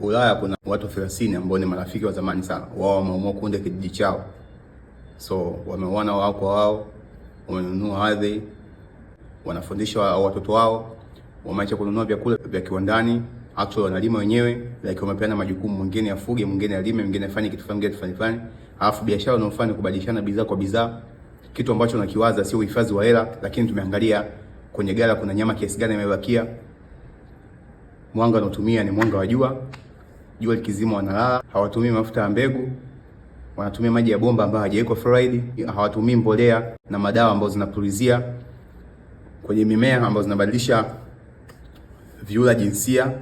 Ulaya kuna watu 30 ambao ni marafiki wa zamani sana, wao wameamua kuunda kijiji chao, so wameona wao kwa wao, wamenunua ardhi, wanafundisha watoto wao, wameacha kununua vyakula vya kiwandani, actually wanalima wenyewe, lakini wamepeana majukumu, mwingine afuge, mwingine alime, mwingine afanye kitu fulani, kitu fulani, alafu biashara wanaofanya kubadilishana bidhaa kwa bidhaa, kitu ambacho nakiwaza sio uhifadhi wa hela, lakini tumeangalia kwenye gala kuna nyama kiasi gani imebakia, mwanga unaotumia ni mwanga wa jua jua likizima wanalala, hawatumii mafuta ya mbegu, wanatumia maji ya bomba ambayo hajawekwa fluoride, hawatumii mbolea na madawa ambazo zinapulizia kwenye mimea ambazo zinabadilisha viura jinsia.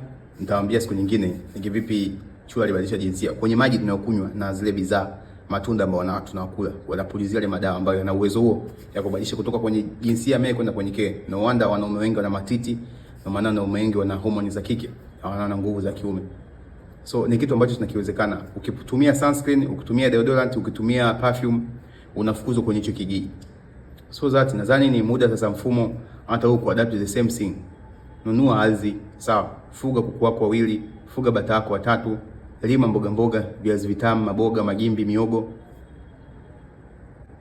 Nitawaambia siku nyingine ni vipi chura libadilisha jinsia kwenye maji tunayokunywa na zile bidhaa matunda ambayo tunakula, wanapulizia ile madawa ambayo yana uwezo huo ya kubadilisha kutoka kwenye jinsia mimi kwenda kwenye ke. Na wanda wanaume wengi wana matiti, na maana wanaume wengi wana homoni za kike, hawana nguvu za kiume. So ni kitu ambacho tunakiwezekana. Ukitumia sunscreen, ukitumia deodorant, ukitumia perfume unafukuzwa kwenye hicho kijiji. So that nadhani ni muda sasa mfumo hata huko adapt the same thing. Nunua ardhi, sawa. Fuga kuku wako wawili, fuga bata wako watatu, lima mboga mboga, viazi vitamu, maboga, magimbi, miogo.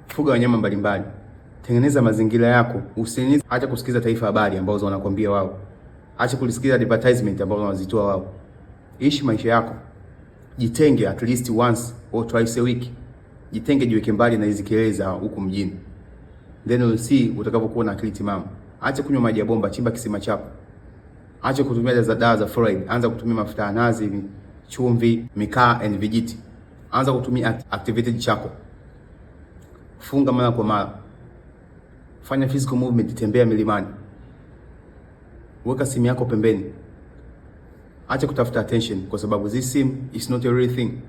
Fuga wanyama mbalimbali. Tengeneza mazingira yako. hata kusikiza Taifa Habari ambazo wanakuambia wao. Acha kulisikiza advertisement ambazo wanazitoa wao ishi maisha yako, jitenge at least once or twice a week, jitenge, jiweke mbali na hizi kelele za huku mjini, then you'll see utakapokuwa na akili timamu. Acha kunywa maji ya bomba, chimba kisima chako. Acha kutumia za dawa za fluoride, anza kutumia mafuta ya nazi, chumvi, mikaa and vijiti. Anza kutumia activated chako, funga mara kwa mara, fanya physical movement, tembea milimani, weka simu yako pembeni acha kutafuta attention kwa sababu this sim is not a real thing